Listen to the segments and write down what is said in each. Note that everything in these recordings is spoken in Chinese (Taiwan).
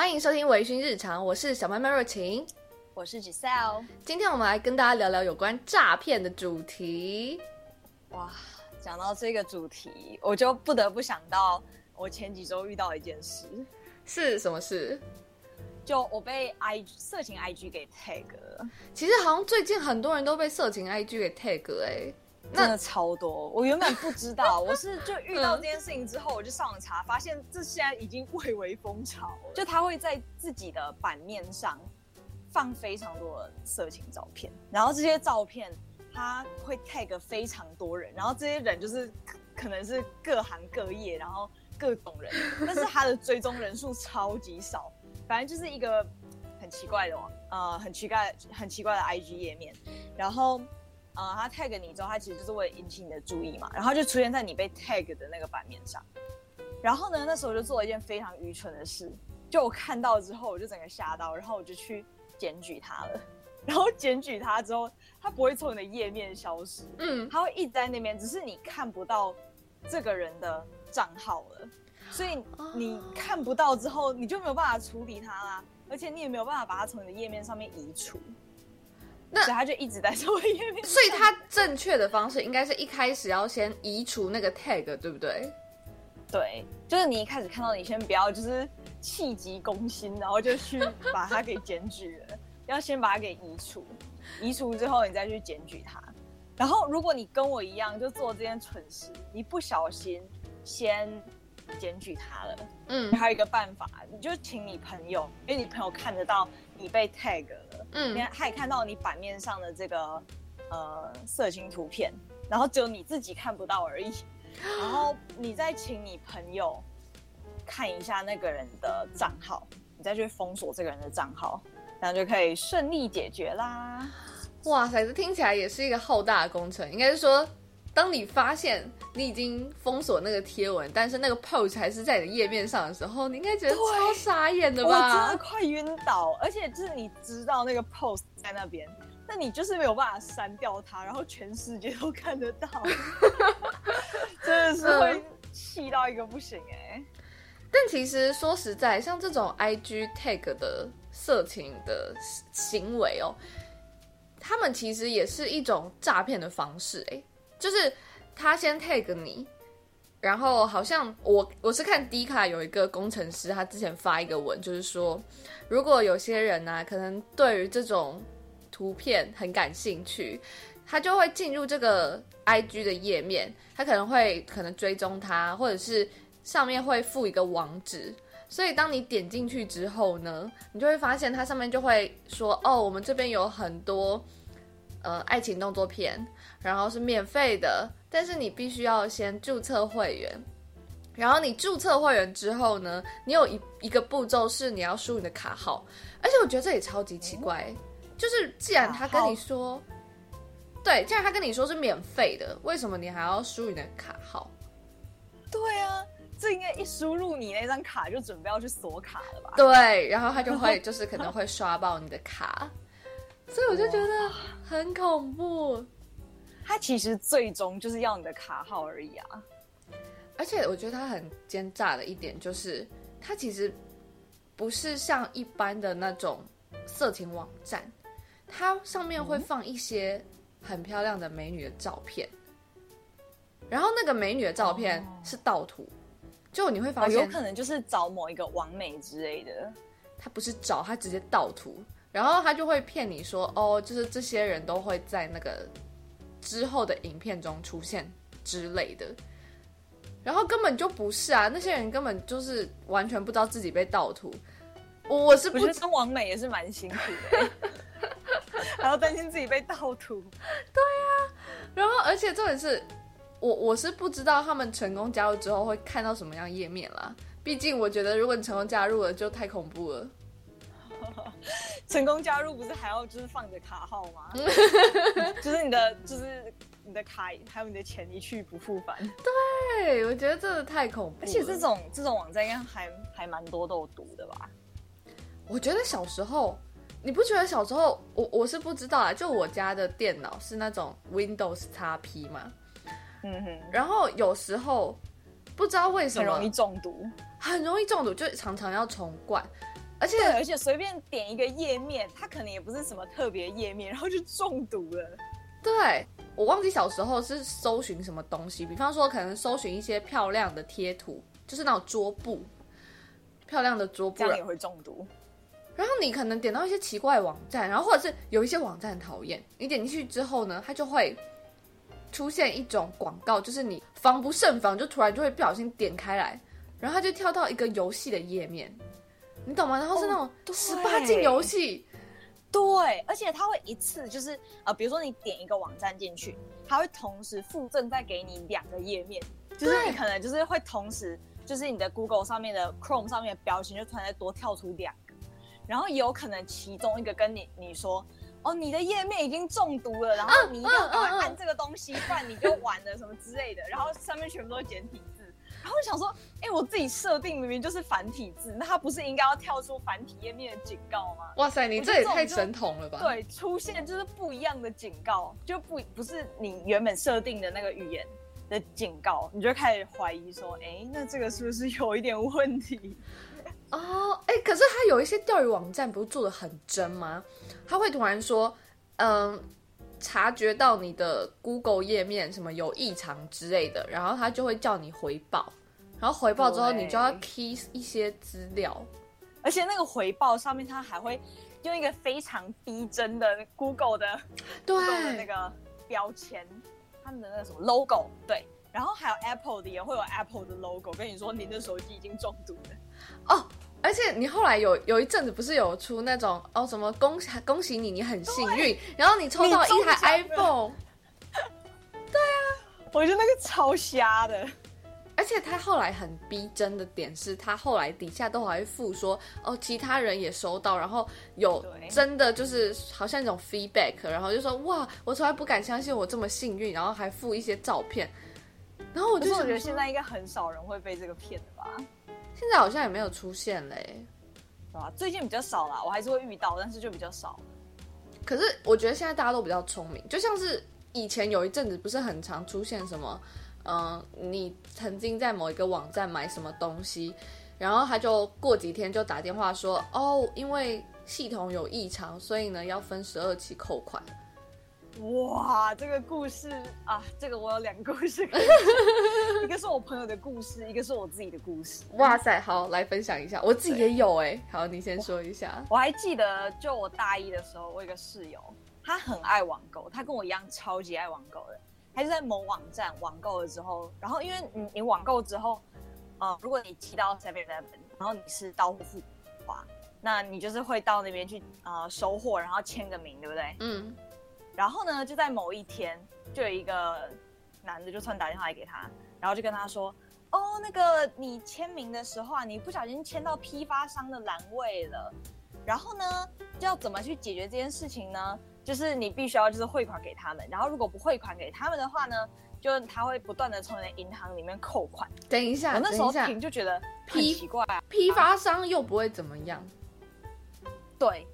歡迎收聽《微醺日常》，我是小麥麥若晴，我是 Giselle，今天我們來跟大家聊聊有關詐騙的主題。哇，講到這個主題，我就不得不想到我前幾周遇到一件事，是什麼事？就我被 I 色情 IG 給 tag 了。其實好像最近很多人都被色情 IG 給 tag 了欸。真的超多，我原本不知道， 我是就遇到這件事情之後，我就上網查，發現這現在已經蔚為風潮。 就他會在自己的版面上放非常多的色情照片，然後這些照片他會 tag 非常多人，然後這些人就是可能是各行各業，然後各種人， 但是他的追蹤人數超級少，反正就是一個很奇怪的，呃，很奇怪、很奇怪的 IG 頁面，然後。呃、嗯，他 tag 你之後，他其實就是為了引起你的注意嘛，然後就出現在你被 tag 的那個版面上。然後呢，那時候我就做了一件非常愚蠢的事，就我看到之後，我就整個嚇到，然後我就去檢舉他了。然後檢舉他之後，他不會從你的頁面消失，嗯，他會一直在那邊，只是你看不到這個人的賬號了，所以你看不到之後，你就沒有辦法處理他啦，而且你也沒有辦法把他從你的頁面上面移除。那所以他就一直在說。 所以他正確的方式應該是一開始要先移除那個 tag，對不對？對，就是你一開始看到，你先不要就是氣急攻心，然後就去把它給檢舉了， 要先把它給移除，移除之後你再去檢舉他。然後如果你跟我一樣，就做這件蠢事，你不小心先檢舉他了，嗯，還有一個辦法，你就請你朋友，因為你朋友看得到，你被 tag 了，嗯，你看他也看到你版面上的這個呃色情圖片，然後只有你自己看不到而已。然後你再請你朋友看一下那個人的賬號，你再去封鎖這個人的賬號，然後就可以順利解決啦。哇塞，這聽起來也是一個浩大的工程，應該是說。當你發現你已經封鎖那個貼文，但是那個 post 還是在你的頁面上的時候，你應該覺得超傻眼的吧？我真的快暈倒！而且就是你知道那個 post 在那邊，那你就是沒有辦法刪掉它，然後全世界都看得到， 真的是會氣到一個不行哎、欸嗯。但其實說實在，像這種 IG tag 的色情的行為哦，他們其實也是一種詐騙的方式哎、欸。就是他先 tag 你，然後好像我我是看迪卡有一個工程師，他之前發一個文，就是說如果有些人呢、啊，可能對於這種圖片很感興趣，他就會進入這個 I G 的頁面，他可能會可能追蹤他，或者是上面會附一個網址，所以當你點進去之後呢，你就會發現它上面就會說，哦，我們這邊有很多呃愛情動作片。然後是免費的，但是你必須要先註冊會員。然後你註冊會員之後呢，你有一一個步驟是你要輸你的卡號。而且我覺得這也超級奇怪，嗯，就是既然他跟你說，對，既然他跟你說是免費的，為什麼你還要輸你的卡號？對啊，這應該一輸入你那張卡就準備要去鎖卡了吧？對，然後他就會就是可能會刷爆你的卡， 所以我就覺得很恐怖。他其實最終就是要你的卡號而已啊！而且我覺得他很奸詐的一點就是，他其實不是像一般的那種色情網站，它上面會放一些很漂亮的美女的照片，嗯、然後那個美女的照片是盜圖、哦，就你會發現有可能就是找某一個網美之類的，他不是找，他直接盜圖，然後他就會騙你說，哦，就是這些人都會在那個。之後的影片中出現之類的，然後根本就不是啊！那些人根本就是完全不知道自己被盜圖。我是不是網美也是蠻辛苦的，欸，然後擔心自己被盜圖。對啊，然後而且重點是，我我是不知道他們成功加入之後會看到什麼樣頁面啦。畢竟我覺得，如果你成功加入了，就太恐怖了。 成功加入不是還要就是放你的卡號嗎？ 就是你的就是你的卡還有你的錢一去不復返。對，我覺得這太恐怖了，而且這種這種網站應該還還蠻多都有毒的吧？我覺得小時候你不覺得小時候我我是不知道啊，就我家的電腦是那種 Windows XP 嘛，嗯哼，然後有時候不知道為什麼很容易中毒，很容易中毒，就常常要重灌。而且而且隨便點一個頁面，它可能也不是什麼特別頁面，然後就中毒了。對，我忘記小時候是搜尋什麼東西，比方說可能搜尋一些漂亮的貼圖，就是那種桌布，漂亮的桌布，這樣也會中毒。然後你可能點到一些奇怪網站，然後或者是有一些網站很討厭，你點進去之後呢，它就會出現一種廣告，就是你防不勝防，就突然就會不小心點開來，然後它就跳到一個遊戲的頁面。你懂嗎？然後是那種都十八、哦、禁遊戲，對，而且它會一次就是呃，比如說你點一個網站進去，它會同時附贈再給你兩個頁面，就是你可能就是會同時就是你的 Google 上面的 Chrome 上面的標籤就突然多跳出兩個，然後有可能其中一個跟你你說，哦，你的頁面已經中毒了，然後你一定要快按這個東西，啊啊、不然你就完了 什麼之類的，然後上面全部都是簡體。然後我想說，哎、欸，我自己設定明明就是繁體字，那它不是應該要跳出繁體頁面的警告嗎？哇塞，你這也太神童了吧！對，出現就是不一樣的警告，就不不是你原本設定的那個語言的警告，你就開始懷疑說，哎、欸，那這個是不是有一點問題？哦，哎、欸，可是他有一些釣魚網站不是做得很真嗎？他會突然說，嗯、呃。察覺到你的 Google 頁面什麼有異常之類的，然後他就會叫你回報，然後回報之後你就要 key 一些資料，而且那個回報上面他還會用一個非常逼真的 Google 的對 Google 的那個標籤，他們的那個什麼 logo 對，然後還有 Apple 的也會有 Apple 的 logo，跟你說您的手機已經中毒了哦。而且你後來有有一陣子不是有出那種哦，什麼恭喜恭喜你，你很幸運，然後你抽到一台 iPhone。對啊，我覺得那個超瞎的。而且他後來很逼真的點是，他後來底下都還會附說哦，其他人也收到，然後有真的就是好像一種 feedback，然後就說哇，我從來不敢相信我這麼幸運，然後還附一些照片。然後我就是我覺得現在應該很少人會被這個騙的吧。現在好像也沒有出現嘞，對吧？最近比較少啦。我還是會遇到，但是就比較少。可是我覺得現在大家都比較聰明，就像是以前有一陣子不是很常出現什麼，嗯，你曾經在某一個網站買什麼東西，然後他就過幾天就打電話說，哦，因為系統有異常，所以呢要分十二期扣款。哇，這個故事啊，這個我有兩個故事， 一個是我朋友的故事，一個是我自己的故事。哇塞，好，來分享一下，我自己也有哎、欸。好，你先說一下。我，我還記得，就我大一的時候，我有個室友，他很愛網購，他跟我一樣超級愛網購的。他就在某網站網購了之後，然後因為你你網購之後、呃，如果你提到 Seven Eleven，然後你是到付的話，那你就是會到那邊去、呃、收貨，然後簽個名，對不對？嗯。然後呢，就在某一天，就有一個男的就突然打電話來給他，然後就跟他說：“哦，那個你簽名的時候啊，你不小心簽到批發商的欄位了，然後呢，就要怎麼去解決這件事情呢？就是你必須要就是匯款給他們，然後如果不匯款給他們的話呢，就他會不斷的從你的銀行裡面扣款。等一下，我那時候聽就覺得很奇怪、啊批，批發商又不會怎麼樣。啊、對，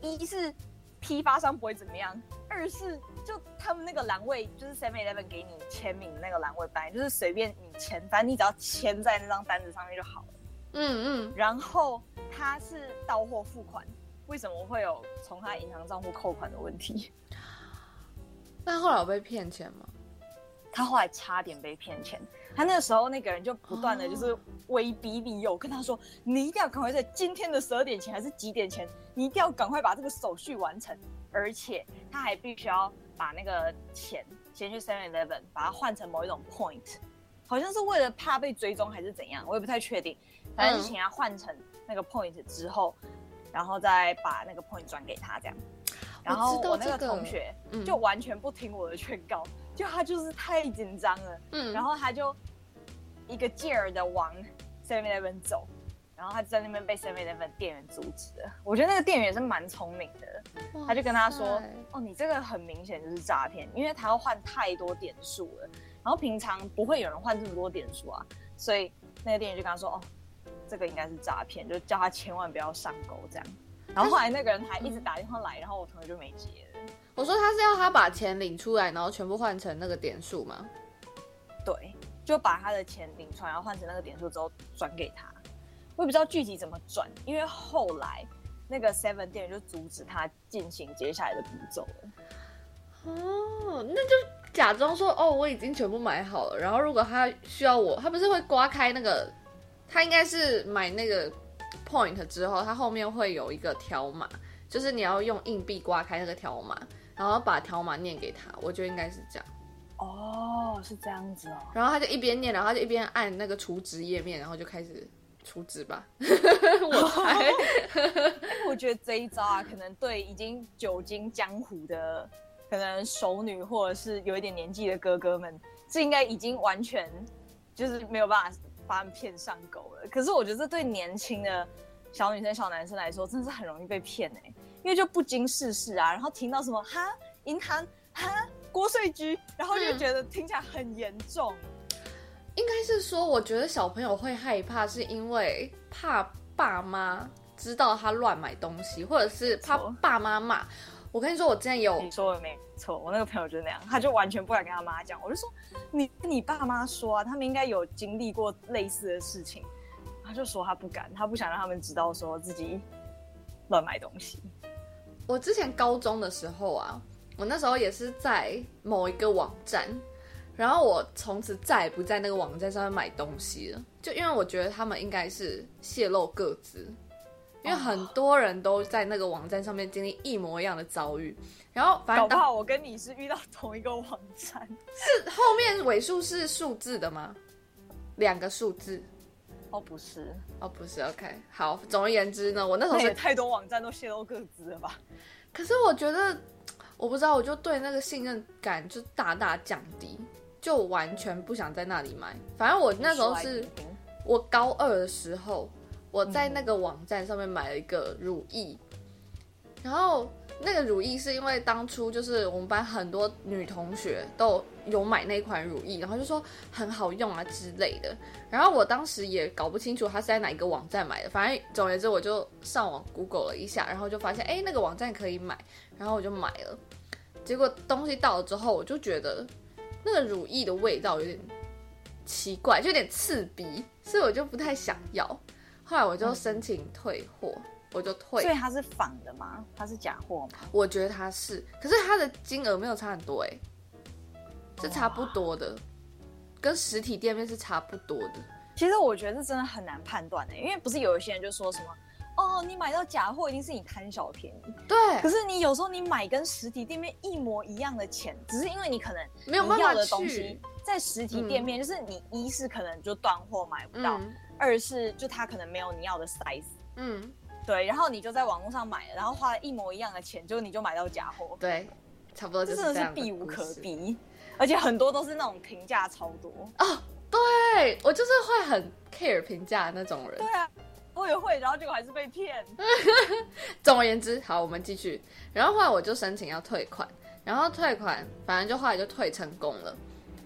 一是。”批發商不會怎麼樣，而是，就他們那個欄位，就是 Seven Eleven 給你簽名的那個欄位搬就是隨便你簽，反正你只要簽在那張單子上面就好了。嗯嗯。然後他是到貨付款，為什麼會有從他銀行賬戶扣款的問題？那後來我被騙錢嗎？他後來差點被騙錢。他那時候那個人就不斷的就是威逼利誘，跟他說你一定要趕快在今天的十二點前還是幾點前，你一定要趕快把這個手續完成，而且他還必須要把那個錢先去 Seven Eleven 把它換成某一種 point，好像是為了怕被追蹤還是怎樣，我也不太確定。但是就請他換成那個 point 之後，然後再把那個 point 轉給他這樣。然後我那個同學就完全不聽我的勸告。就他就是太緊張了，嗯，然後他就一個勁兒的往7-11走，然後他在那邊被7-11店員阻止了。我覺得那個店員也是蠻聰明的，他就跟他說：“哦，你這個很明顯就是詐騙，因為他要換太多點數了，然後平常不會有人換這麼多點數啊。”所以那個店員就跟他說：“哦，這個應該是詐騙，就叫他千萬不要上鈎這樣。”然後後來那個人還一直打電話來，然後我同學就沒接了。我說他是要他把錢領出來，然後全部換成那個點數嘛？對，就把他的錢領出來，然後換成那個點數之後轉給他。我也不知道具體怎麼轉，因為後來那個 Seven 店員就阻止他進行接下來的步驟了。哦，那就假裝說哦，我已經全部買好了。然後如果他需要我，他不是會刮開那個？他應該是買那個 point 之後，他後面會有一個條碼，就是你要用硬幣刮開那個條碼。然後把條碼念給他，我覺得應該是這樣，哦、oh，是這樣子哦。然後他就一邊念，然後他就一邊按那個儲值頁面，然後就開始儲值吧。 我猜，oh. 我覺得這一招啊，可能對已經久經江湖的可能熟女或者是有一點年紀的哥哥們，這應該已經完全就是沒有辦法把他們騙上鉤了。可是我覺得這對年輕的小女生小男生來說，真的是很容易被騙哎、欸。因為就不經世事，事啊，然後聽到什麼哈銀行哈國稅局，然後就覺得聽起來很嚴重。嗯，應該是說，我覺得小朋友會害怕，是因為怕爸媽知道他亂買東西，或者是怕爸媽罵。我跟你說，我之前有你說的沒錯，我那個朋友就是那樣，他就完全不敢跟他媽講。我就說你跟你爸媽說啊，他們應該有經歷過類似的事情。他就說他不敢，他不想讓他們知道說自己亂買東西。我之前高中的時候啊，我那時候也是在某一個網站，然後我從此再也不在那個網站上面買東西了，就因為我覺得他們應該是洩露個資，因為很多人都在那個網站上面經歷一模一樣的遭遇。然後反正，搞不好我跟你是遇到同一個網站，是後面尾數是數字的嗎？兩個數字。哦、oh，不是，哦、oh，不是，OK，好。總而言之呢，我那時候那也太多網站都洩露個資了吧？可是我覺得，我不知道，我就對那個信任感就大大降低，就完全不想在那裡買。反正我那時候是，嗯、我高二的時候，我在那個網站上面買了一個乳液。然後那個乳液是因為當初就是我們班很多女同學都有買那款乳液，然後就說很好用啊之類的。然後我當時也搞不清楚它是在哪一個網站買的，反正總而言之，我就上網 Google 了一下，然後就發現哎那個網站可以買，然後我就買了。結果東西到了之後，我就覺得那個乳液的味道有點奇怪，就有點刺鼻，所以我就不太想要。後來我就申請退貨。嗯我就退，所以它是仿的嘛，它是假貨嘛。我覺得它是，可是它的金額沒有差很多哎、欸，是差不多的，跟實體店面是差不多的。其實我覺得是真的很難判斷哎、欸，因為不是有一些人就說什麼，哦，你買到假貨一定是你貪小便宜。對。可是你有時候你買跟實體店面一模一樣的錢，只是因為你可能沒有要的東西，在實體店面慢慢、嗯、就是你一是可能就斷貨買不到，嗯、二是就它可能沒有你要的 size。嗯。對，然後你就在網絡上買了，然後花了一模一樣的錢，就你就買到假貨。對，差不多是這樣，這真的是避無可避，而且很多都是那種評價超多。哦，對我就是會很 care 評價的那種人。對啊，我也會，然後結果還是被騙。 總而言之，好，我們繼續。然後後來我就申請要退款，然後退款，反正就後來就退成功了。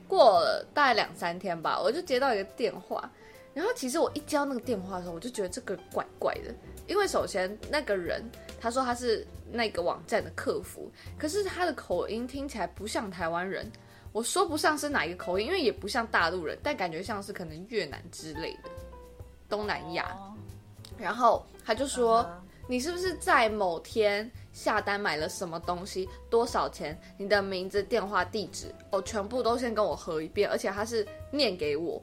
過了大概兩三天吧，我就接到一個電話。然後其實我一接到那個電話的時候，我就覺得這個怪怪的。因為首先那個人他說他是那個網站的客服，可是他的口音聽起來不像台灣人，我說不上是哪一個口音，因為也不像大陸人，但感覺像是可能越南之類的東南亞。哦、然後他就說、啊、你是不是在某天下單買了什麼東西，多少錢？你的名字、電話、地址，我、哦、全部都先跟我核一遍，而且他是念給我，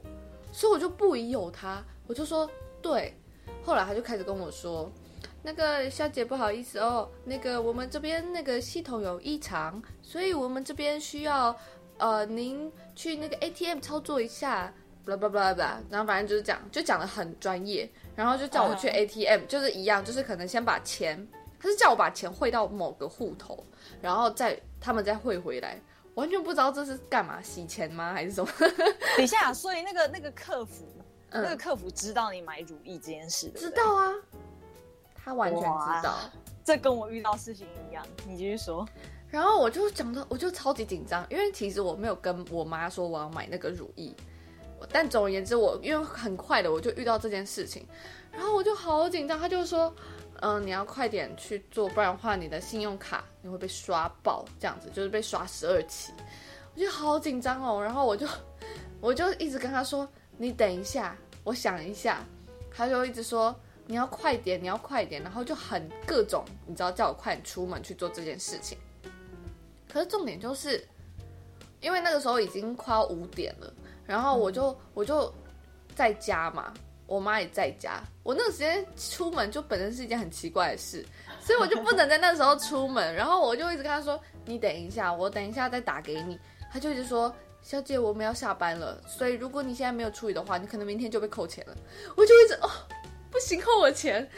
所以我就不疑有他，我就說對。後來他就開始跟我說，那個小姐不好意思哦，那個我們這邊那個系統有異常，所以我們這邊需要，呃，您去那個 ATM 操作一下，巴拉巴拉巴拉，然後反正就是講，就講得很專業，然後就叫我去 ATM，、哦、就是一樣，就是可能先把錢，他是叫我把錢匯到某個戶頭，然後再他們再匯回來，完全不知道這是幹嘛，洗錢嗎還是什麼？等一下， 所以那個那個客服。那個客服知道你買乳液這件事對不對？知道啊，他完全知道。這跟我遇到事情一樣，你繼續說。然後我就講到，我就超級緊張，因為其實我沒有跟我媽說我要買那個乳液。但總而言之我，我因為很快的，我就遇到這件事情，然後我就好緊張。他就說，嗯，你要快點去做，不然的話你的信用卡你會被刷爆，這樣子就是被刷十二期。我就好緊張哦，然後我就我就一直跟他說。你等一下，我想一下。他就一直說你要快點，你要快點，然後就很各種，你知道叫我快點出門去做這件事情。可是重點就是，因為那個時候已經快五點了，然後我就我就在家嘛，我媽也在家，我那個時間出門就本身是一件很奇怪的事，所以我就不能在那個時候出門。 然後我就一直跟他說你等一下，我等一下再打給你。他就一直說。小姐，我們要下班了，所以如果你現在沒有處理的話，你可能明天就被扣錢了。我就一直哦，不行，扣我錢！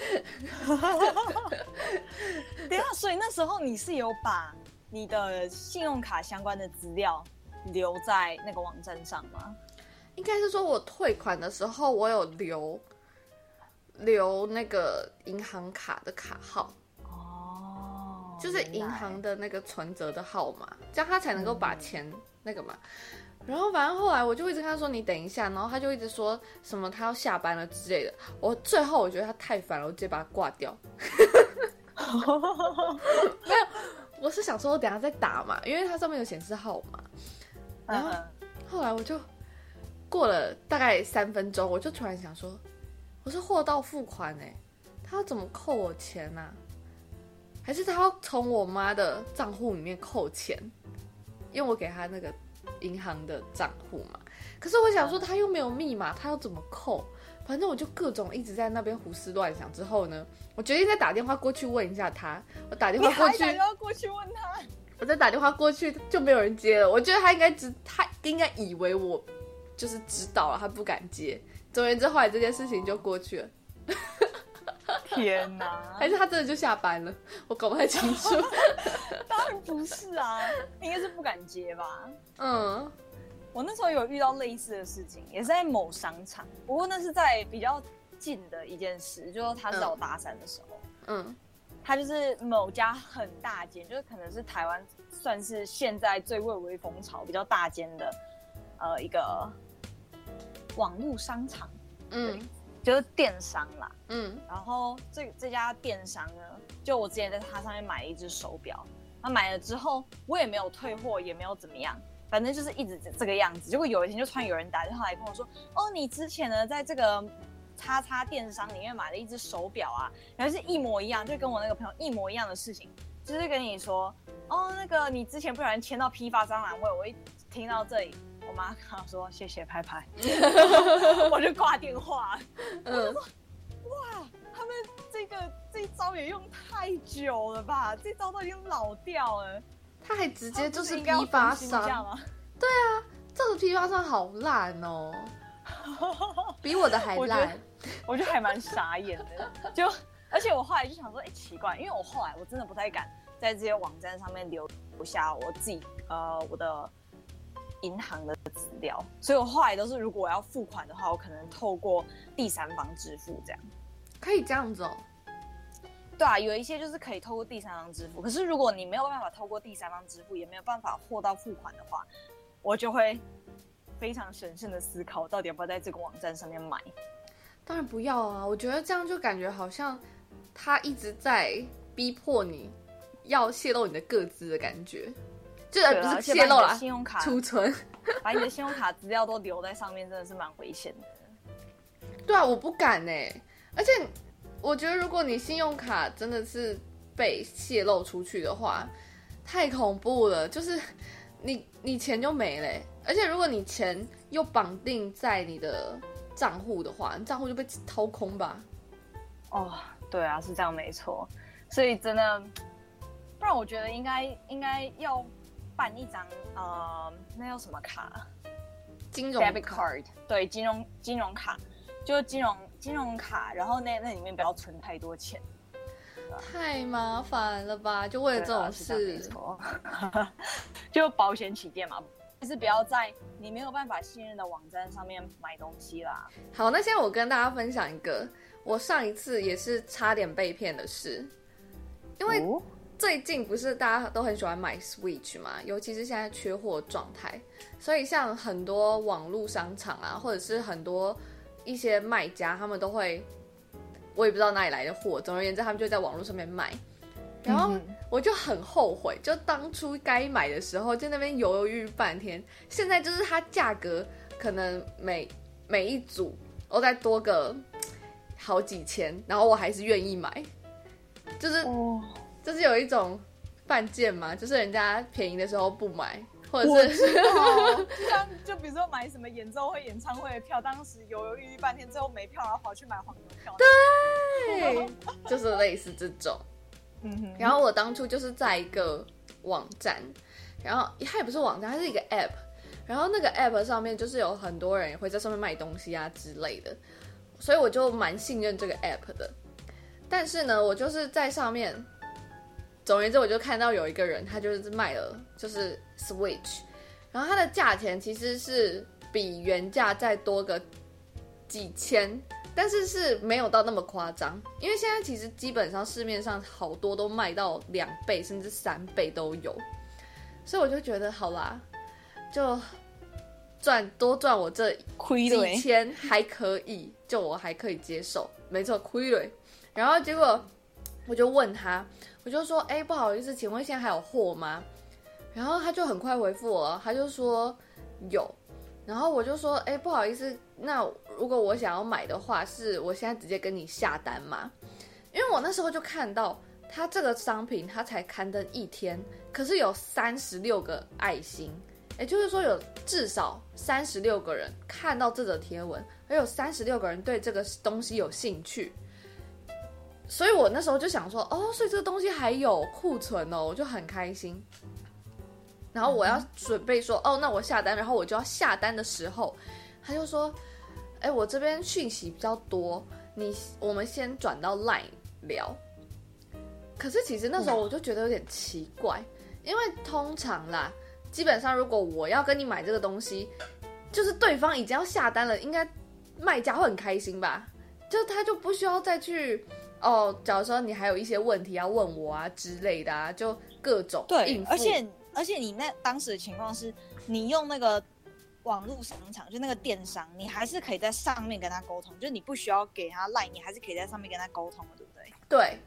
對 啊， 所以那時候你是有把你的信用卡相關的資料留在那個網站上嗎？應該是說我退款的時候，我有留留那個銀行卡的卡號哦，就是銀行的那個存折的號碼，這樣他才能夠把錢。嗯那個嘛，然後反正，後來我就一直跟他說，你等一下，然後他就一直說什麼他要下班了之類的。我最後我覺得他太煩了，我直接把他掛掉。沒 有呵， 我是想說我等下再打嘛，因為它上面有顯示號碼。然後後來我就過了大概三分鐘，我就突然想說，我是貨到付款呢？欸，他要怎麼扣我錢呢？啊？還是他要從我媽的賬戶裡面扣錢？因為我給他那個銀行的賬戶嘛，可是我想說他又沒有密碼，他要怎麼扣？反正我就各種一直在那邊胡思亂想。之後呢，我決定再打電話過去問一下他。我打電話過去，要過去問他。我再打電話過去就沒有人接了。我覺得他應該知，他應該以為我就是知道了，他不敢接。總言之，後來這件事情就過去了。 天哪、啊！還是他真的就下班了？我搞不太清楚。當然不是啊， 應該是不敢接吧。嗯，我那時候有遇到類似的事情，也是在某商場，不過那是在比較近的一件事，就是他是找我搭訕的時候嗯。嗯，他就是某家很大間，就是可能是台灣算是現在最蔚為風潮比較大間的呃一個網絡商場。嗯。就是電商啦，嗯，然後這這家電商呢，就我之前在它上面買了一隻手表，那買了之後我也沒有退貨，也沒有怎麼樣，反正就是一直這個樣子。結果有一天就突然有人打電話來跟我說，哦，你之前呢在這個叉叉電商裡面買了一隻手表啊，然後是一模一樣，就跟我那個朋友一模一樣的事情，就是跟你說，哦，那個你之前不小心簽到批發商欄位，我一聽到這裡。我媽跟我說：“謝謝拍拍。”我就掛電話。嗯、我就說：“哇，他們這個這一招也用太久了吧？這招都已經老掉了。”他還直接就是批發商。對啊，這個批發商好爛哦， 比我的還爛。我覺得還蠻傻眼的。 就而且我後來就想說：“哎、欸，奇怪，因為我後來我真的不太敢在這些網站上面留留下我自己呃我的。”銀行的資料，所以我後來都是如果我要付款的話，我可能透過第三方支付這樣。可以這樣子哦？對啊，有一些就是可以透過第三方支付，可是如果你沒有辦法透過第三方支付，也沒有辦法貨到付款的話，我就會非常審慎的思考到底要不要在這個網站上面買。當然不要啊！我覺得這樣就感覺好像他一直在逼迫你要洩露你的個資的感覺。就不是洩露了啦，信用卡儲存，把你的信用卡資料都留在上面，真的是蠻危險的。 對啊，我不敢呢、欸。而且我覺得，如果你信用卡真的是被洩露出去的話，太恐怖了。就是你，你錢就沒了、欸。而且如果你錢又綁定在你的賬戶的話，你賬戶就被掏空吧。哦、oh，對啊，是這樣沒錯。所以真的，不然我覺得應該應該要辦一張呃，那叫什麼卡？金融 debit card 對，金融金融卡，就金融金融卡。然後那那裡面不要存太多錢。太麻煩了吧？就為了這種事， 就保險起見嘛，還是不要在你沒有辦法信任的網站上面買東西啦。好，那現在我跟大家分享一個我上一次也是差點被騙的事，因為。哦最近不是大家都很喜歡買 Switch 嘛，尤其是現在缺貨狀態，所以像很多網絡商場啊，或者是很多一些賣家，他們都會，我也不知道哪裡來的貨。總而言之，他們就在網絡上面賣，嗯。然後我就很後悔，就當初該買的時候，在那邊猶猶豫半天。現在就是它價格可能每每一組，我，再多個好幾千，然後我還是願意買，就是。哦就是有一種犯賤嘛，就是人家便宜的時候不買，或者是就像就比如說買什麼演奏會、演唱會的票，當時猶猶豫豫半天，最後沒票，然後跑去買黃牛票。對， 就是類似這種。嗯哼。然後我當初就是在一個網站，然後它也不是網站，它是一個 App。然後那個 App 上面就是有很多人也會在上面賣東西啊之類的，所以我就蠻信任這個 App 的。但是呢，我就是在上面。總而言之，我就看到有一個人，他就是賣了，就是 Switch，然後它的價錢其實是比原價再多個幾千，但是是沒有到那麼誇張，因為現在其實基本上市面上好多都賣到兩倍甚至三倍都有，所以我就覺得好啦，就賺多賺我這虧了幾千還可以，就我還可以接受，沒錯虧了， 然後結果我就問他。我就說，哎，不好意思，請問現在還有貨嗎？然後他就很快回復我了，他就說有。然後我就說，哎，不好意思，那如果我想要買的話，是我現在直接跟你下單嗎？因為我那時候就看到他這個商品，他才刊登一天，可是有三十六個愛心，也就是說有至少三十六個人看到這個貼文，還有三十六個人對這個東西有興趣。所以我那時候就想說，哦，所以這個東西還有庫存哦，我就很開心。然後我要準備說、嗯，哦，那我下單，然後我就要下單的時候，他就說，哎，我這邊訊息比較多，你我們先轉到 line 聊。可是其實那時候我就覺得有點奇怪、嗯，因為通常啦，基本上如果我要跟你買這個東西，就是對方已經要下單了，應該賣家會很開心吧？就他就不需要再去。哦，假如說你還有一些問題要問我啊之類的啊，就各種應付。對，而且而且你那當時的情況是，你用那個網絡商場，就那個電商，你還是可以在上面跟他溝通，就是你不需要給他賴，你還是可以在上面跟他溝通，對不對？對。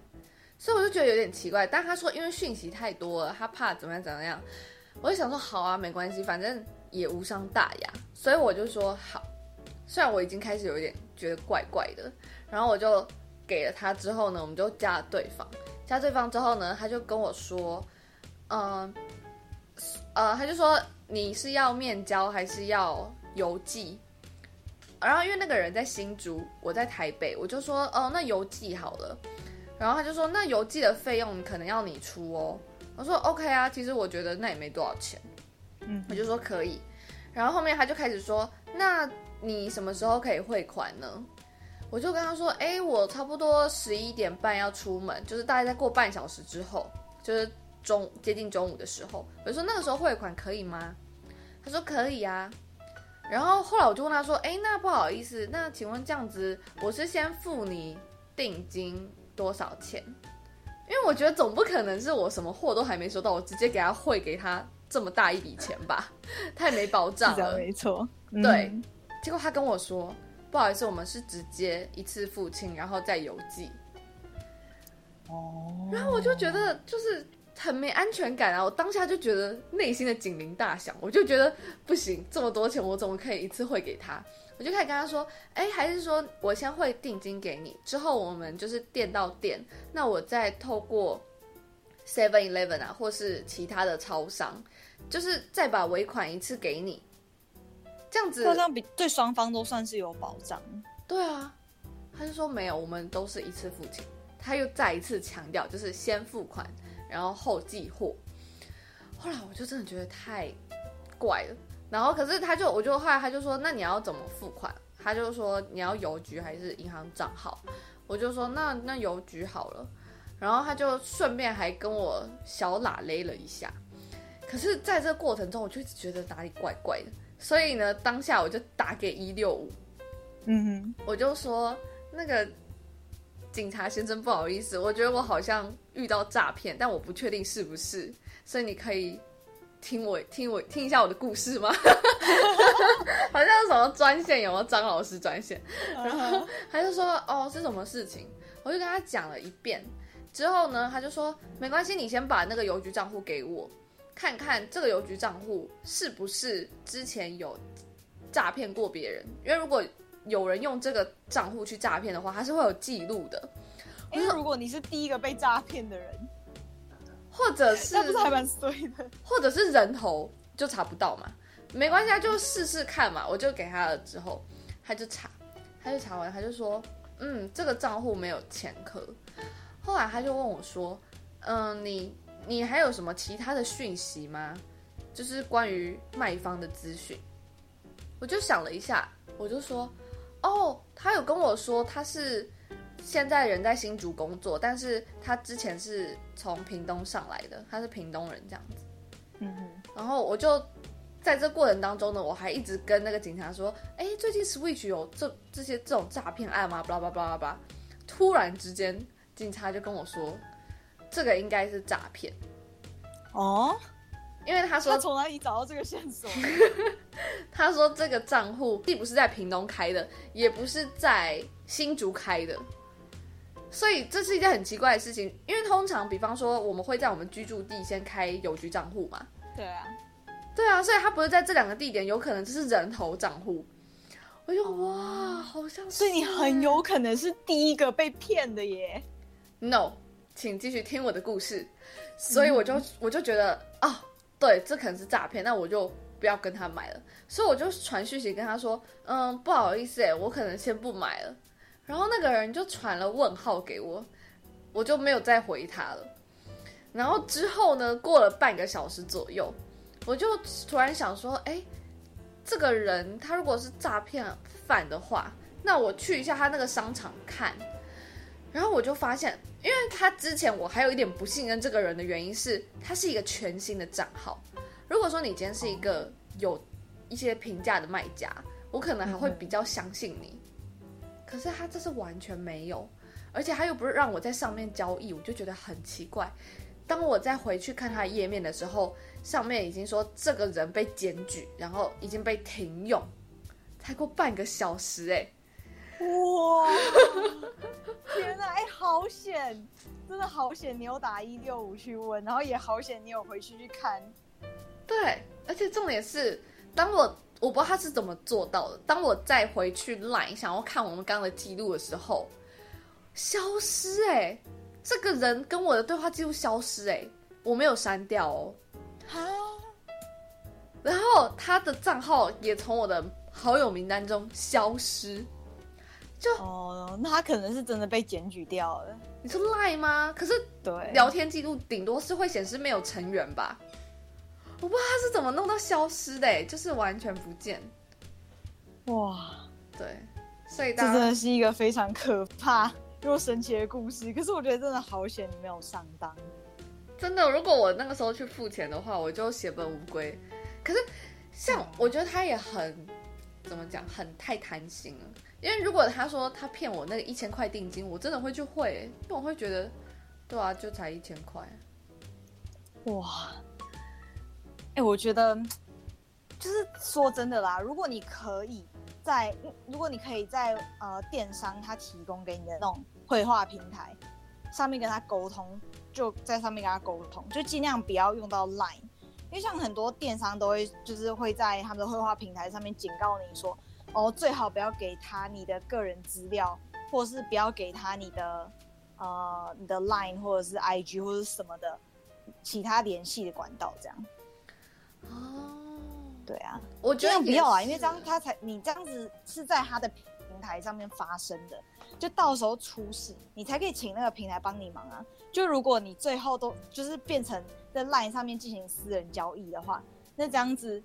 所以我就覺得有點奇怪，但他說因為訊息太多了，他怕怎麼樣怎麼樣，我就想說好啊，沒關係，反正也無傷大雅，所以我就說好。雖然我已經開始有一點覺得怪怪的，然後我就。給了他之後呢，我們就加了對方。加對方之後呢，他就跟我說，嗯、呃，呃，他就說你是要面交還是要郵寄？然後因為那個人在新竹，我在台北，我就說哦，那郵寄好了。然後他就說那郵寄的費用可能要你出哦。我說 OK 啊，其實我覺得那也沒多少錢。嗯，我就說可以。然後後面他就開始說，那你什麼時候可以匯款呢？我就跟他說，哎、欸，我差不多十一點半要出門，就是大概在過半小時之後，就是中接近中午的時候，我就說那個時候匯款可以嗎？他說可以啊。然後後來我就問他說，哎、欸，那不好意思，那請問這樣子，我是先付你定金多少錢？因為我覺得總不可能是我什麼貨都還沒收到，我直接給他匯給他這麼大一筆錢吧， 太沒保障了，沒錯、嗯。對，結果他跟我說。不好意思，我們是直接一次付清，然後再郵寄。哦，然後我就覺得就是很沒安全感啊！我當下就覺得內心的警鈴大響，我就覺得不行，這麼多錢我怎麼可以一次匯給他？我就開始跟他說：“哎，還是說我先匯定金給你，之後我們就是店到店，那我再透過 Seven Eleven 啊，或是其他的超商，就是再把尾款一次給你。”這樣子好像比對雙方都算是有保障。對啊，他就說沒有，我們都是一次付清。他又再一次強調，就是先付款，然後後寄貨。後來我就真的覺得太怪了。然後可是他就，我就後來他就說，那你要怎麼付款？他就說你要郵局還是銀行賬號？我就說那那郵局好了。然後他就順便還跟我小喇勒了一下。可是在這個過程中，我就一直覺得哪裡怪怪的。所以呢，當下我就打給一六五，嗯哼，我就說那個警察先生不好意思，我覺得我好像遇到詐騙，但我不確定是不是，所以你可以聽我聽我聽一下我的故事嗎？ 好像是什麼專線，有沒有張老師專線，然後他、uh -huh. 就說哦是什麼事情，我就跟他講了一遍之後呢，他就說沒關係，你先把那個郵局賬戶給我。看看這個郵局賬戶是不是之前有詐騙過別人，因為如果有人用這個賬戶去詐騙的話，他是會有記錄的。因、欸、為如果你是第一個被詐騙的人，或者是那不是還蠻衰的，或者是人頭就查不到嘛，沒關係，他就試試看嘛。我就給他了之後，他就查，他就查完，他就說：“嗯，這個賬戶沒有前科。”後來他就問我說：“嗯、呃，你？”你還有什麼其他的訊息嗎？就是關於賣方的資訊，我就想了一下，我就說，哦，他有跟我說他是現在人在新竹工作，但是他之前是從屏東上來的，他是屏東人這樣子。嗯哼。然後我就在這過程當中呢，我還一直跟那個警察說，哎、欸，最近 Switch 有這這些這種詐騙案嗎？blah blah blah blah。突然之間，警察就跟我說。這個應該是詐騙哦，因為他說他從哪裡找到這個線索？ 他說這個賬戶既不是在屏東開的，也不是在新竹開的，所以這是一件很奇怪的事情。因為通常，比方說，我們會在我們居住地先開郵局賬戶嘛？對啊，對啊，所以他不是在這兩個地點，有可能這是人頭賬戶。我就哇、哦，好像是，所以你很有可能是第一個被騙的耶。No。請繼續聽我的故事，所以我就我就覺得啊、哦，對，這可能是詐騙，那我就不要跟他買了。所以我就傳訊息跟他說，嗯，不好意思，我可能先不買了。然後那個人就傳了問號給我，我就沒有再回他了。然後之後呢，過了半個小時左右，我就突然想說，哎，這個人他如果是詐騙犯的話，那我去一下他那個商場看。然後我就發現，因為他之前我還有一點不信任這個人的原因是他是一個全新的賬號。如果說你今天是一個有一些評價的賣家，我可能還會比較相信你，嗯。可是他這是完全沒有，而且他又不是讓我在上面交易，我就覺得很奇怪。當我再回去看他的頁面的時候，上面已經說這個人被檢舉，然後已經被停用，才過半個小時哎、欸。哇！天哪，哎、欸，好險，真的好險！你有打一六五去問，然後也好險你有回去去看。對，而且重點是，當我我不知道他是怎麼做到的。當我再回去 LINE 想要看我們剛剛的記錄的時候，消失哎、欸，這個人跟我的對話記錄消失哎、欸，我沒有刪掉哦。好，然後他的賬號也從我的好友名單中消失。哦，那他可能是真的被檢舉掉了。你說賴嗎？可是對，聊天記錄頂多是會顯示沒有成員吧？我不知道他是怎麼弄到消失的，欸，哎，就是完全不見。哇，對，所以這真的是一個非常可怕又神奇的故事。可是我覺得真的好險，你沒有上當。真的，如果我那個時候去付錢的話，我就血本無歸。可是，像我覺得他也很，嗯，怎麼講，很太貪心了。因為如果他說他騙我那個一千塊定金，我真的會去匯、欸，因為我會覺得，對啊，就才一千塊，哇，哎、欸，我覺得，就是說真的啦，如果你可以在，如果你可以在呃電商他提供給你的那種繪畫平台上面跟他溝通，就在上面跟他溝通，就儘量不要用到 Line，因為像很多電商都會就是會在他們的繪畫平台上面警告你說。哦，最好不要給他你的個人資料，或是不要給他你的，呃，你的 Line 或者是 IG 或者是什麼的其他聯繫的管道，這樣。哦，對啊，我覺得不要啊，因為這樣他才你這樣子是在他的平台上面發生的，就到時候出事你才可以請那個平台幫你忙啊。就如果你最後都就是變成在 Line 上面進行私人交易的話，那這樣子。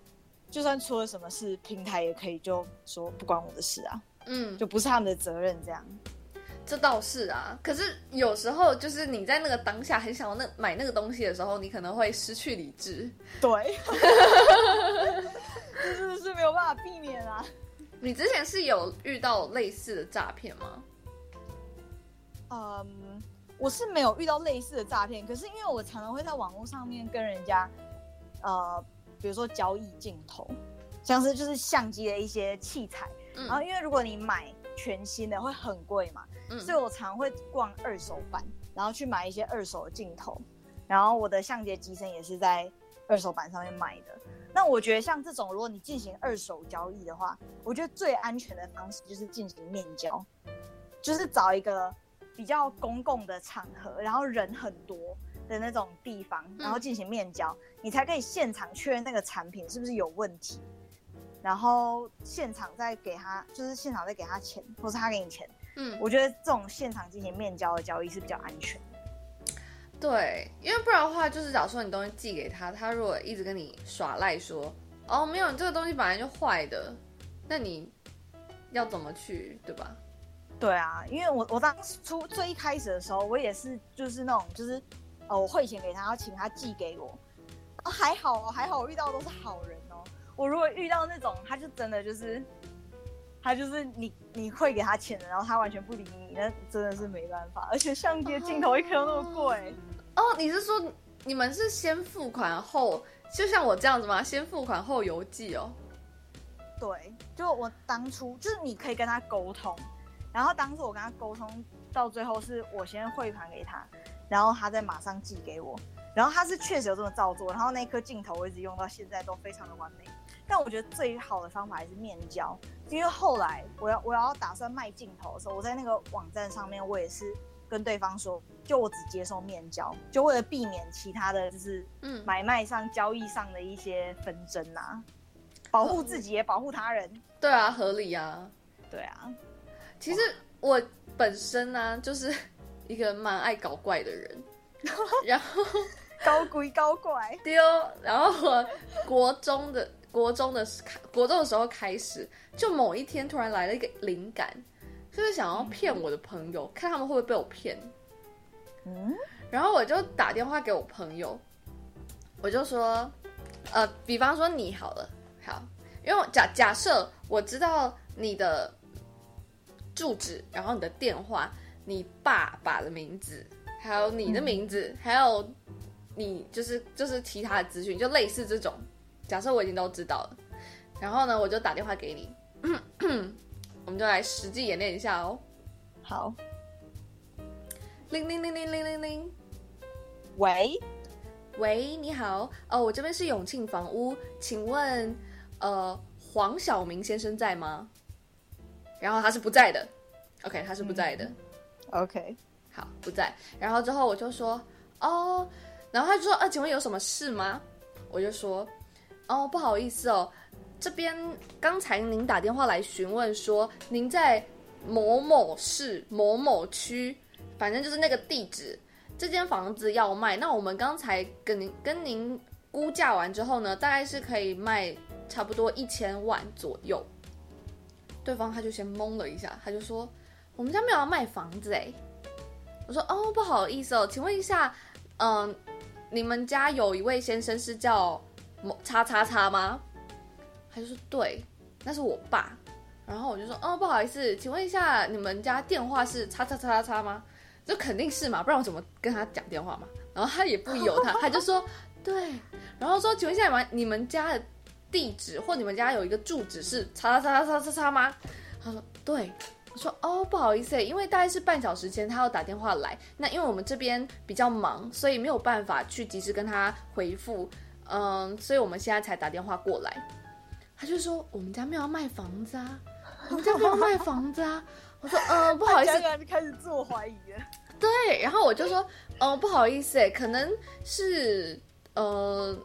就算出了什麼事，平台也可以就說不關我的事啊，嗯，就不是他們的責任這樣。這倒是啊，可是有時候就是你在那個當下很想要那買那個東西的時候，你可能會失去理智。對，就 是，是沒有辦法避免啊。你之前是有遇到類似的詐騙嗎？嗯，我是沒有遇到類似的詐騙，可是因為我常常會在網絡上面跟人家，呃。比如說交易鏡頭，像是就是相機的一些器材，嗯，然後因為如果你買全新的會很貴嘛，嗯，所以我常會逛二手版，然後去買一些二手的鏡頭，然後我的相機的機身也是在二手版上面買的。那我覺得像這種，如果你進行二手交易的話，我覺得最安全的方式就是進行面交，就是找一個比較公共的場合，然後人很多。的那種地方，然後進行面交，嗯，你才可以現場確認那個產品是不是有問題，然後現場再給他，就是現場再給他錢，或是他給你錢。嗯，我覺得這種現場進行面交的交易是比較安全的。對，因為不然的話，就是假如說你東西寄給他，他如果一直跟你耍賴說，哦，oh，沒有，你這個東西本來就壞的，那你要怎麼去，對吧？對啊，因為我我當初最一開始的時候，我也是就是那種就是。哦，我匯錢給他，然後請他寄給我。哦，還好，哦，還好，我遇到的都是好人哦。我如果遇到那種，他就真的就是，他就是你，你匯給他錢然後他完全不理你，那真的是沒辦法。而且相機鏡頭一顆那麼貴。哦、oh. oh,，你是說你們是先付款後，就像我這樣子嗎？先付款後郵寄哦。對，就我當初就是你可以跟他溝通，然後當時我跟他溝通。到最後是我先匯款給他，然後他再馬上寄給我，然後他是確實有這麼照做，然後那顆鏡頭我一直用到現在都非常的完美。但我覺得最好的方法還是面交，因為後來我要我要打算賣鏡頭的時候，我在那個網站上面我也是跟對方說，就我只接受面交，就為了避免其他的就是嗯買賣上、嗯、交易上的一些紛爭啊，保護自己也、嗯、保護他人。對啊，合理啊。對啊，其實。我本身呢、啊、就是一個蠻愛搞怪的人，然後搞鬼搞怪，對哦。然後我國中的國中的國中的時候開始，就某一天突然來了一個靈感，就是想要騙我的朋友，嗯，看他們會不會被我騙。嗯，然後我就打電話給我朋友，我就說，呃，比方說你好了，好，因為假假設我知道你的。住址，然後你的電話，你爸爸的名字，還有你的名字，嗯、還有你就是就是其他的資訊，就類似這種。假設我已經都知道了，然後呢，我就打電話給你， 我們就來實際演練一下哦。好，鈴鈴鈴鈴鈴鈴，喂，喂，你好，哦，我這邊是永慶房屋，請問，呃，黃曉明先生在嗎？然後他是不在的，OK，他是不在的，OK，嗯，好，不在。然後之後我就說，哦，然後他就說，啊，請問有什麼事嗎？我就說，哦，不好意思哦，這邊剛才您打電話來詢問說，您在某某市某某區，反正就是那個地址，這間房子要賣。那我們剛才跟您跟您估價完之後呢，大概是可以賣差不多一千萬左右。對方他就先懵了一下，他就說：“我們家沒有要賣房子欸。”我說：“哦，不好意思哦，請問一下，嗯，你們家有一位先生是叫某叉叉叉嗎？”他就說：“對，那是我爸。”然後我就說：“哦，不好意思，請問一下，你們家電話是叉叉叉叉嗎？就肯定是嘛，不然我怎麼跟他講電話嘛？”然後他也不由他，他就說：“對。”然後說：“請問一下，你們你們家的。”地址或你們家有一個住址是叉叉叉叉叉叉嗎？他說對，我說哦，不好意思，因為大概是半小時前他要打電話來，那因為我們這邊比較忙，所以沒有辦法去及時跟他回復，嗯，所以我們現在才打電話過來。他就說 我們家沒有要賣房子啊，我們家沒有賣房子啊。 我說、呃、我說嗯，不好意思，開始自我懷疑。對，然後我就說哦，不好意思，可能是嗯、呃，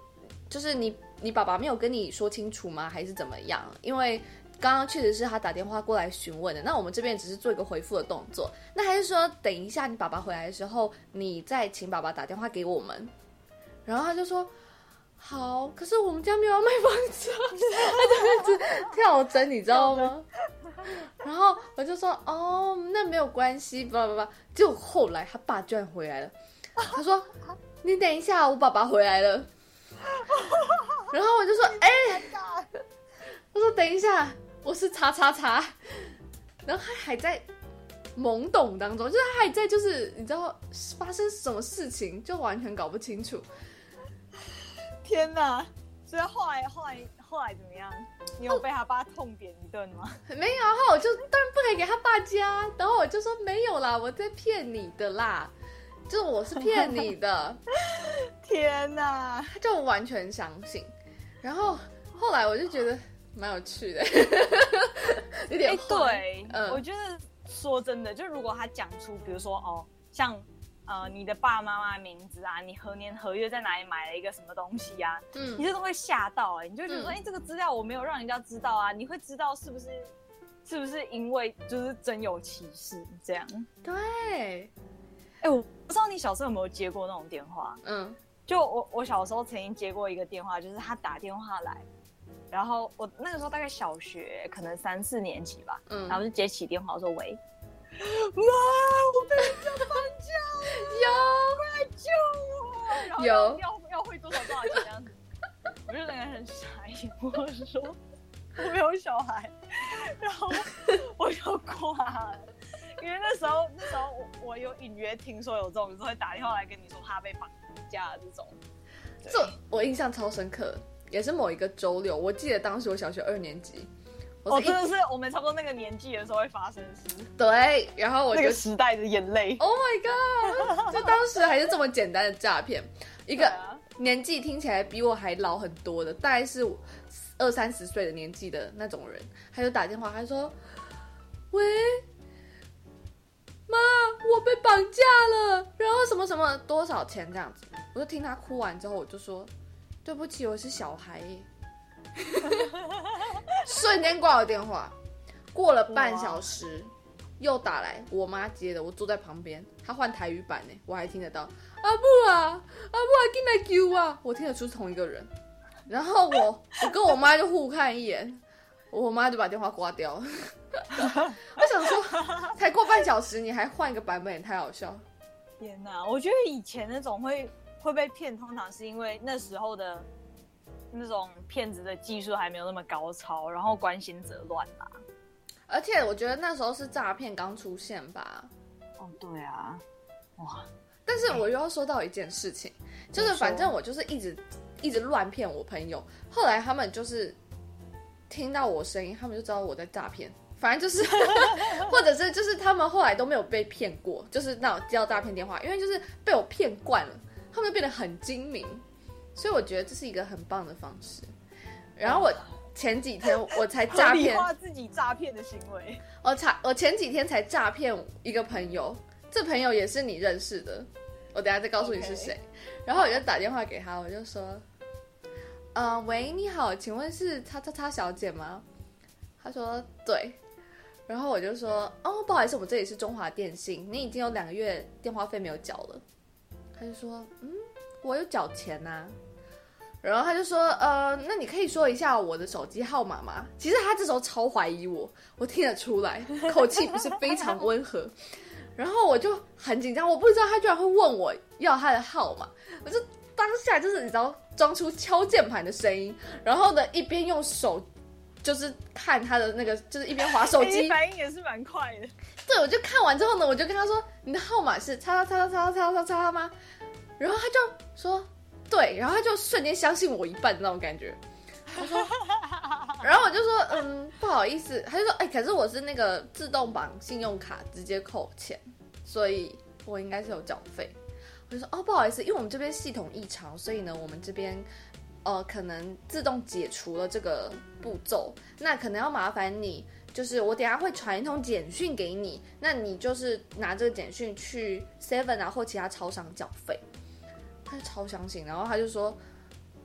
就是你。你爸爸沒有跟你說清楚嗎？還是怎麼樣？因為剛剛確實是他打電話過來詢問的，那我們這邊只是做一個回復的動作。那還是說等一下你爸爸回來的時候，你再請爸爸打電話給我們。然後他就說：“好。”可是我們家沒有賣房子，他這樣子跳針，你知道嗎？然後我就說：“哦，那沒有關係。”爸爸，爸。結果後來他爸居然回來了，他說：“你等一下，我爸爸回來了。”然後我就說：“哎、欸，他說等一下，我是叉叉叉。”然後他還在懵懂當中，就是他還在，就是你知道發生什麼事情，就完全搞不清楚。天哪！所以後來、後來、後來怎麼樣？你有被他爸痛扁一頓嗎？哦？沒有，然後我就當然不可以給他爸加。然後我就說：“沒有啦，我在騙你的啦，就我是騙你的。 ”天哪！他就完全相信。然後後來我就覺得蠻有趣的， 有點。欸、對，嗯、我覺得說真的，就如果他講出，比如說哦，像呃你的爸爸媽媽的名字啊，你何年何月在哪裡買了一個什麼東西啊，嗯，你就都會嚇到哎，你就覺得哎、嗯欸、這個資料我沒有讓人家知道啊，你會知道是不是？是不是因為就是真有其事這樣？對。哎、欸，我不知道你小時候有沒有接過那種電話？嗯。就我我小時候曾經接過一個電話，就是他打電話來，然後我那個時候大概小學可能三四年級吧，嗯，然後就接起電話說喂，媽、嗯，我被人家綁架了 有，快來救我，然後要有要要匯多，多少多少錢這樣子，我就感覺很傻眼，我說我沒有小孩，然後我就掛了。因為那時候，那時候我，我有隱約聽說有這種，會打電話來跟你說他被綁架了這種，這我印象超深刻。也是某一個周六，我記得當時我小學二年級，我真的、哦這個、是我們差不多那個年紀的時候會發生的事。對，然後我、那個時代的眼淚。Oh my god！就當時還是這麼簡單的詐騙， 一個年紀聽起來比我還老很多的，大概是二三十歲的年紀的那種人，他就打電話，他就說：“喂。”媽，我被綁架了，然後什麼什麼多少錢這樣子，我就聽他哭完之後，我就說，對不起，我是小孩耶， 瞬間掛我電話。過了半小時，又打來，我媽接的，我坐在旁邊，她換台語版呢，我還聽得到。 阿母啊，阿母啊，進來救啊，我聽得出是同一個人。然後我，我跟我媽就互看一眼。我媽就把電話掛掉了 。 我想說，才過半小時，你還換一個版本，也太好笑。天哪、啊！我覺得以前那種會會被騙，通常是因為那時候的那種騙子的技術還沒有那麼高超，然後關心則亂、啊、而且我覺得那時候是詐騙剛出現吧。哦，對啊，哇！但是我又要說到一件事情，欸、就是反正我就是一直一直亂騙我朋友，後來他們就是。聽到我聲音，他們就知道我在詐騙。反正就是， 或者是就是，他們後來都沒有被騙過，就是那種接到詐騙電話，因為就是被我騙慣了，他們就變得很精明。所以我覺得這是一個很棒的方式。然後我前幾天我才詐騙， 自己詐騙的行為。我才，我前幾天才詐騙一個朋友，這朋友也是你認識的。我等下再告訴你是誰。Okay. 然後我就打電話給他，我就說。呃，喂，你好，請問是叉叉叉小姐嗎？他說對，然後我就說哦，不好意思，我們這裡是中華電信，你已經有兩個月電話費沒有繳了。他就說嗯，我有繳錢吶、啊，然後他就說呃，那你可以說一下我的手機號碼嗎？其實他這時候超懷疑我，我聽得出來，口氣不是非常溫和。然後我就很緊張，我不知道他居然會問我要他的號碼，我就。當下就是，你知道，裝出敲鍵盤的聲音，然後呢，一邊用手，就是看他的那個，就是一邊劃手機。反 應也是蠻快的。對，我就看完之後呢，我就跟他說，你的號碼是叉叉叉叉叉叉叉叉嗎？然後他就說，對，然後他就瞬間相信我一半那種感覺。然後我就說，嗯，不好意思，他就說，哎，可是我是那個自動綁信用卡直接扣錢，所以我應該是有繳費。我就說哦，不好意思，因為我們這邊系統異常，所以呢，我們這邊，呃，可能自動解除了這個步驟。那可能要麻煩你，就是我等下會傳一通簡訊給你，那你就是拿這個簡訊去 Seven 啊或其他超商繳費。他就超相信。然後他就說，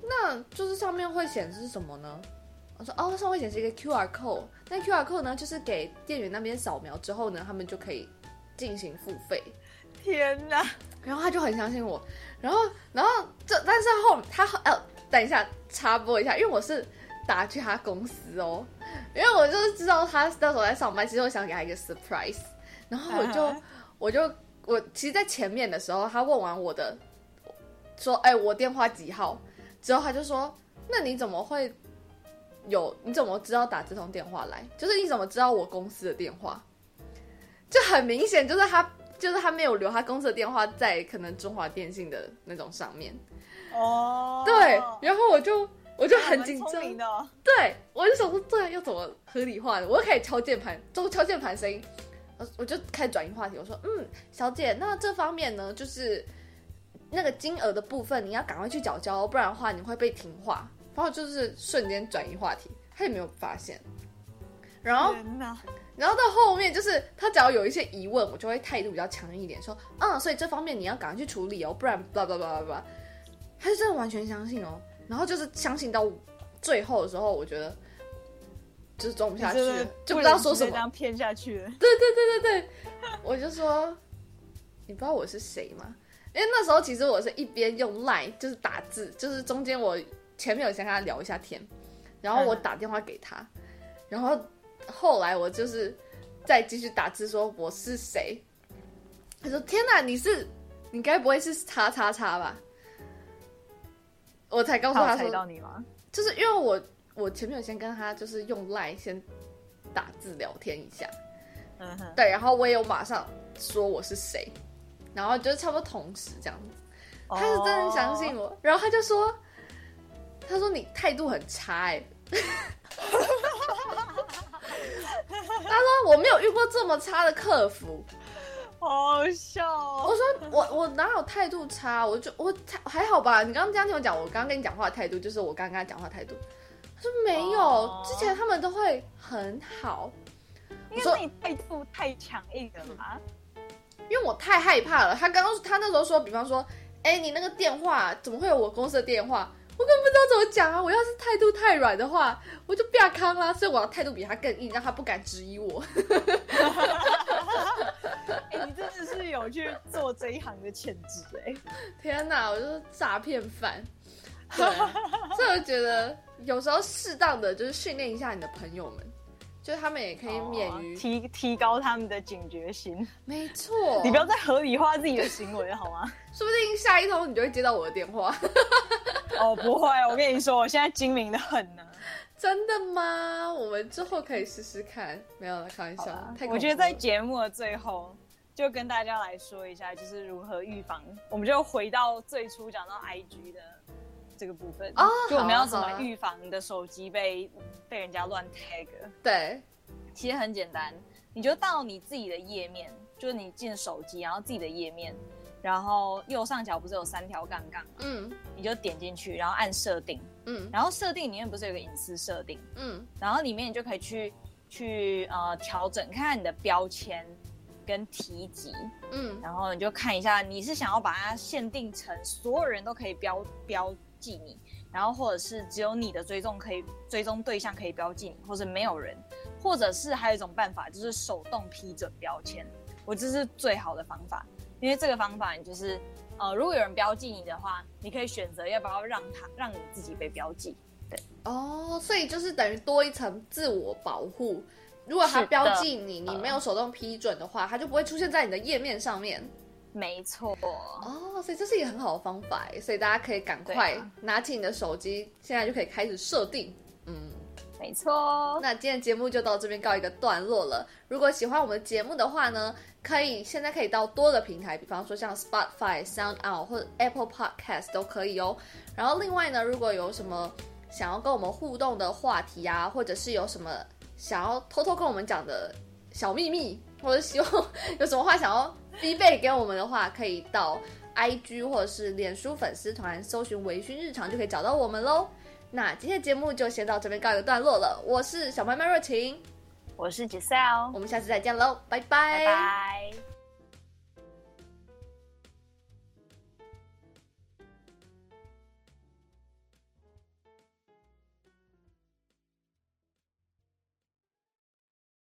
那就是上面會顯示什麼呢？我說哦，上面會顯示一個 QR code，那 QR code 呢，就是給店員那邊掃描之後呢，他們就可以進行付費。天哪！然後他就很相信我，然後，然後這，但是後他呃、哦，等一下插播一下，因為我是打去他公司哦，因為我就是知道他那時候在上班，其實我想給他一個 surprise，然後我就，我就，我其實，在前面的時候，他問完我的，說，哎，我電話幾號？之後他就說，那你怎麼會有？你怎麼知道打這通電話來？就是你怎麼知道我公司的電話？就很明顯就是他。就是他沒有留他公司的電話在可能中華電信的那種上面，哦、oh,，對，然後我就我就很緊張，對我就想說，這又怎麼合理化呢？我就開始敲鍵盤，中敲鍵盤聲音，我就開始轉移話題，我說嗯，小姐，那這方面呢，就是那個金額的部分，你要趕快去繳交，不然的話你會被停話，然後就是瞬間轉移話題，他也沒有發現，然後。然後到後面就是他，只要有一些疑問，我就會態度比較強硬一點，說：“嗯、啊，所以這方面你要趕快去處理哦，不然……”“吧吧吧吧吧。”他是真的完全相信哦，然後就是相信到最後的時候，我覺得就是裝不下去，是不是不下去，就不知道說什麼，這樣騙下去。對對對對對，我就說：“你不知道我是誰嗎？”因為那時候其實我是一邊用 Line 就是打字，就是中間我前面有先跟他聊一下天，然後我打電話給他，嗯、然後。後來我就是再繼續打字說我是誰，他說天哪，你是你該不會是叉叉叉吧？我才告訴他，踩到你嗎？就是因為我我前面有先跟他就是用賴先打字聊天一下，嗯哼，對，然後我也有馬上說我是誰，然後就是差不多同時這樣子，他是真的相信我，哦，然後他就說，他說你態度很差。欸，哎。 他說：“我沒有遇過這麼差的客服，好笑。”我說我：“我我哪有態度差？我就我還好吧。你剛剛這樣聽我講，我剛剛跟你講話的態度就是我剛剛跟他講話的態度。”他說：“沒有，之前他們都會很好。”因為你態度太強硬了嘛，因為我太害怕了。”他剛剛他那時候說：“比方說，哎，你那個電話怎麼會有我公司的電話？”我根本不知道怎麼講啊！我要是態度太軟的話，我就要康啊，所以我的態度比他更硬，讓他不敢質疑我。哎、 欸，你真的是有去做這一行的潛質誒。天哪，啊，我就是詐騙犯。 所以我覺得有時候適當的，就是訓練一下你的朋友們。就他們也可以免於提、哦、提高他們的警覺心，沒錯。 你不要再合理化自己的行為好嗎？ 說不定下一通你就會接到我的電話。 哦，不會，我跟你說，我現在精明的很呢、啊。 真的嗎？我們之後可以試試看。沒有一下了，開玩笑。我覺得在節目的最後，就跟大家來說一下，就是如何預防、嗯。我們就回到最初講到 IG 的。這個部分，oh, 就我們要怎麼預防你的手機被被人家亂 tag？對，其實很簡單，你就到你自己的頁面，就是你進手機，然後自己的頁面，然後右上角不是有三條槓槓？嗯，你就點進去，然後按設定，嗯，然後設定裡面不是有個隱私設定？嗯，然後裡面你就可以去去呃調整，看看你的標籤。跟提及，嗯，然後你就看一下，你是想要把它限定成所有人都可以標標記你，然後或者是只有你的追蹤可以追蹤對象可以標記你，或者是沒有人，或者是還有一種辦法就是手動批准標籤，我覺得這是最好的方法，因為這個方法就是呃，如果有人標記你的話，你可以選擇要不要讓他讓你自己被標記，對，哦，所以就是等於多一層自我保護。如果它標記你，你沒有手動批准的話，它就不會出現在你的頁面上面。沒錯，哦，所以這是一個很好的方法，所以大家可以趕快拿起你的手機，啊、現在就可以開始設定。嗯，沒錯。那今天的節目就到這邊告一個段落了。如果喜歡我們的節目的話呢，可以現在可以到多個平台，比方說像 Spotify、SoundOn 或者 Apple Podcast 都可以哦。然後另外呢，如果有什麼想要跟我們互動的話題啊，或者是有什麼。想要偷偷跟我們講的小祕密，或者希望有什麼話想要 feedback 給我們的話，可以到 I G 或者是臉書粉絲團搜尋“微醺日常”就可以找到我們嘍。那今天節目就先到這邊告一個段落了。我是小麥麥若晴，我是 Giselle，我們下次再見嘍，拜拜，拜拜。